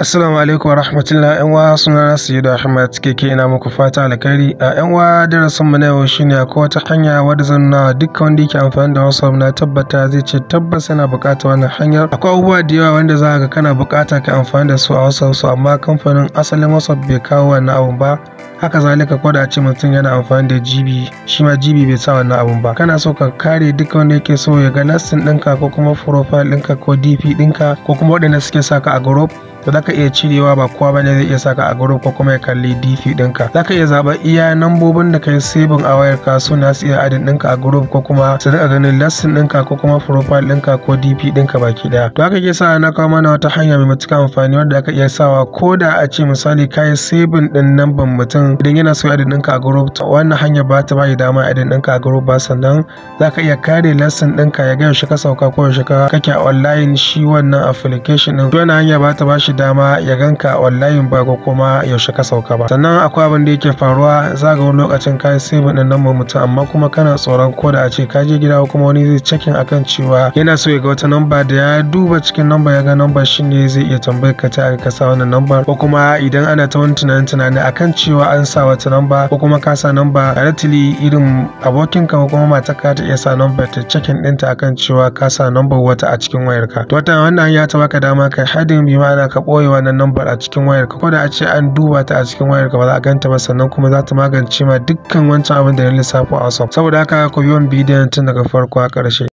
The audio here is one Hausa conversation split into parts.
Assalamu alaikum wa rahmatullahi ‘yan wa suna yi da Ahmad keke ina muku fata alkhairi a ‘yan wa darasin mu na yau shine ko wata hanya wadda zan na dukkan wanda yake amfani da WhatsApp na tabbata zai ce tabbas yana buƙatar wannan hanyar akwai abubuwa da yawa wanda za ga kana buƙata ka amfani da su a WhatsApp su amma kamfanin asalin WhatsApp bai kawo wannan abun ba haka zalika ko da ce mutum yana amfani da GB shi ma GB bai sa wannan abun ba kana so ka kare duka wanda yake so ya ga nassin ɗinka ko kuma profile ɗinka ko DP ɗinka ko kuma waɗanda suke saka a group da zaka iya cirewa ba kowa bane zai iya saka a group ko kuma ya kalli dp ɗinka zaka iya zaba iya nambobin da kai saving a wayar ka suna su iya adin dinka a group ko kuma su rika ganin lesson dinka ko kuma profile ɗinka ko dp ɗinka baki daya to haka ke sa na kawo mana wata hanya mai matuƙa amfani wanda aka iya sawa ko da a ce misali kai saving din namban mutum idan yana so adin dinka a group wannan hanya ba ta bayi dama adin dinka a group ba sannan zaka iya kare lesson dinka ya ga shi ka sauka ko yaushe kake online shi wannan application to wannan hanya ba ta bashi shi dama ya ganka wallahi ba ko kuma yaushe ka sauka ba sannan akwai abin da yake faruwa za ga wani lokacin ka sai din nan mutum amma kuma kana tsoron ko da a ce ka je gida kuma wani zai cekin akan cewa yana so ya ga wata namba da ya duba cikin namba ya ga namba shine zai iya tambayar ka ta ka sa wannan namba ko kuma idan ana ta wani tunanin tunani akan cewa an sa wata namba ko kuma ka sa namba directly irin abokin ka ko kuma matarka ta iya sa namba ta cekin dinta akan cewa ka sa namba wata a cikin wayarka to wannan ya ta baka dama kai hadin bi ma'ana ka ka ɓoye wannan lambar a cikin wayarka ko da a ce an duba ta a cikin wayarka ba za a ganta ba sannan kuma za ta magance ma dukkan wancan abin da ya lissafo a saboda haka ku biyo bidiyon tun daga farko a ƙarshe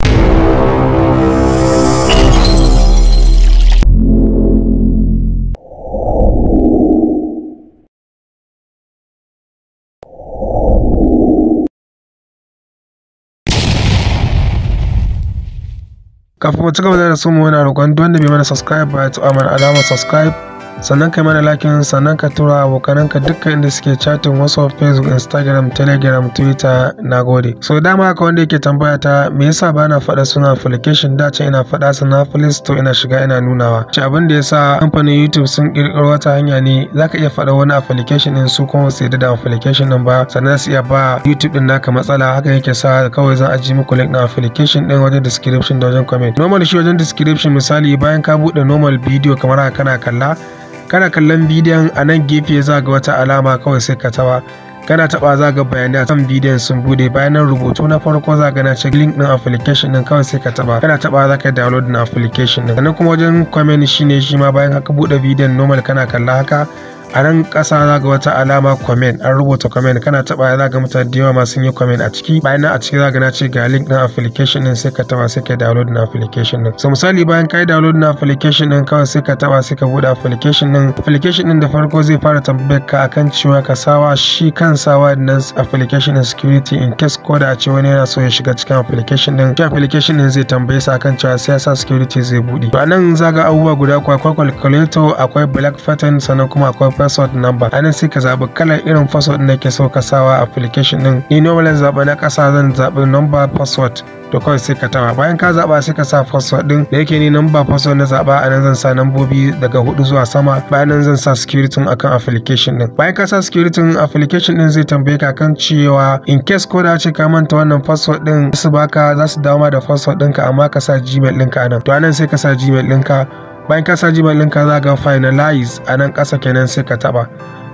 Kafin mu ci gaba da rasu mu muna roƙon duk wanda bai mana subscribe ba ya taɓa mana alamar subscribe sannan ka mana lakin sannan ka tura abokananka dukkan inda suke chatin whatsapp facebook instagram telegram twitter na gode so dama ka wanda yake tambaya ta me yasa ba na faɗa suna application da ce ina faɗa suna play to ina shiga ina nunawa ce abin da yasa kamfanin youtube sun kirkiro wata hanya ne za ka iya faɗa wani application din su kuma su yadda da application din ba sannan su iya ba youtube din naka matsala haka yake sa kawai zan ajiye muku link na application din wajen description da wajen comment normal shi wajen description misali bayan ka buɗe normal video kamar haka kana kalla kana kallon bidiyon a nan gefe za ga wata alama kawai sai ka tawa kana taba za ga bayanai kan bidiyon sun bude bayan rubutu na farko za ga na ce link din application din kawai sai ka taba kana taba za ka download na application din sannan kuma wajen comment shine shi ma bayan haka bude bidiyon normal kana kalla haka a nan ƙasa za ga wata alama comment an rubuta comment kana taɓa za ga mutane da yawa ma sun yi comment a ciki bayan nan a ciki za ga na ce ga link na application din sai ka taba sai ka download na application din so misali bayan ka yi download na application din kawai sai ka taba sai ka buɗe application din application din da farko zai fara tambayar ka akan cewa ka sawa shi kan sawa din application din security in case ko da a ce wani yana so ya shiga cikin application din shi application din zai tambaye sa akan cewa sai ya sa security zai buɗe to a nan za ga abubuwa guda akwai calculator akwai black pattern sannan kuma akwai password number anan sai ka zaɓi kalar irin password da ke so ka sawa application din ni normal zaɓa na kasa zan zaɓi number password to kawai sai ka tawa bayan ka zaba sai ka sa password din da yake ni number password na zaba anan zan sa nambobi daga hudu zuwa sama bayan nan zan sa security akan application din bayan ka sa security application din zai tambaye ka kan cewa in case ko da ce ka manta wannan password din su baka za su dawo ma da password ɗinka amma ka sa gmail ɗinka anan to anan sai ka sa gmail ɗinka bayan ka sa gmail ɗinka za ga finalize a nan ƙasa kenan sai ka taɓa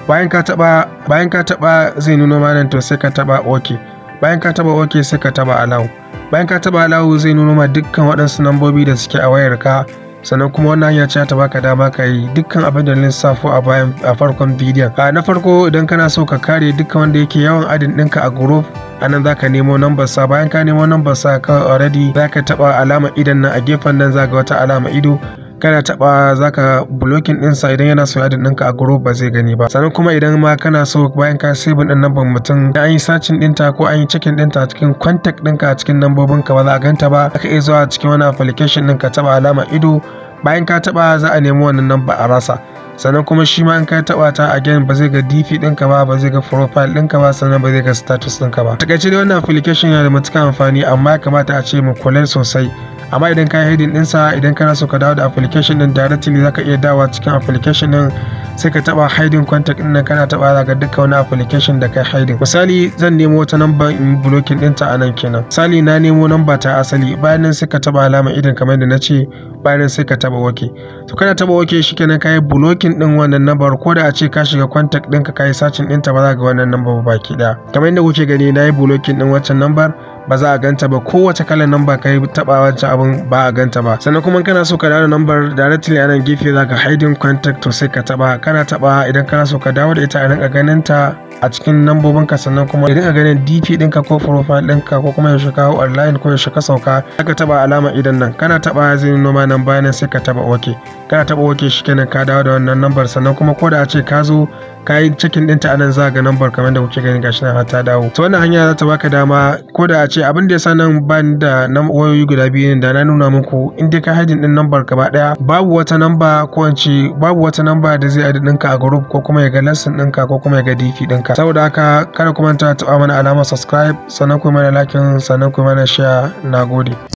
bayan ka taɓa bayan ka taɓa zai nuno ma nan to sai ka taɓa ok bayan ka taɓa ok sai ka taɓa allow bayan ka taɓa allow zai nuno ma dukkan waɗansu nambobi da suke a wayarka sannan kuma wannan hanya ce ta baka dama ka yi dukkan abin da safo a bayan a farkon bidiyon a na farko idan kana so ka kare dukkan wanda yake yawan adin ɗinka a group anan zaka nemo number sa bayan ka nemo number sa ka already zaka taba alama idan nan a gefen nan ga wata alama ido kana taba zaka blocking din sa idan yana soyadin yadin ɗinka a group ba zai gani ba sannan kuma idan ma kana so bayan ka save din number mutum da an yi searching ta ko an yi checking din a cikin contact ɗinka a cikin nambobin ka ba za a ganta ba aka iya zuwa cikin wani application ɗin ka taba alama ido bayan ka taba za a nemi wannan number a rasa sannan kuma shi ma in ka taba ta again ba zai ga dp ɗinka ba ba zai ga profile ɗinka ba sannan ba zai ga status ɗinka ba takaice dai wannan application yana da matuƙar amfani amma ya kamata a ce mu kula sosai amma idan ka yi heading idan kana so ka dawo da application ɗin directly za ka iya dawa cikin application ɗin sai ka taɓa hiding contact ɗin nan kana taɓa za ka duka wani application da kai haidin. misali zan nemo wata number in blocking ɗinta a nan kenan misali na nemo number ta asali bayan nan sai ka taɓa alama idan kamar da na ce bayan sai ka taɓa okay to kana taba okay shikenan kai ka yi blocking ɗin wannan number ko da a ce ka shiga contact ɗinka ka yi searching ɗinta ba za ga wannan number ba baki daya kamar inda kuke gani na yi blocking din wannan number ba za a ganta ba kowace kalan namba kai taba wancan abin ba a ganta ba sannan kuma kana so ka dawo da nambar directly a nan gefe zaka hiding contact to sai ka taba kana taba idan kana so ka dawo da ita a rinka ganin ta a cikin lambobin ka sannan kuma ya dinga ganin dp ɗinka ko profile ɗinka ko kuma yaushe shiga online ko yaushe ka sauka ka taba alama idan nan kana taba zai noma nan bayan sai ka taba ok kana taba ok shikenan ka dawo da wannan lambar sannan kuma ko da a ce ka zo ka yi cikin ɗinta a nan za ga lambar kamar da kuke gani gashi nan ta dawo to wannan hanya za ta baka dama ko da a ce abin da ya sa nan ban da nan wayoyi guda biyu ne da na nuna muku in dai ka haidin ɗin lambar gaba ɗaya babu wata namba ko in ce babu wata namba da zai adi ɗinka a group ko kuma ya ga lesson ɗinka ko kuma ya ga dp ɗinka haka saboda haka kada ku manta taɓa mana alamar subscribe sannan ku mana lakin sannan ku mana share na gode.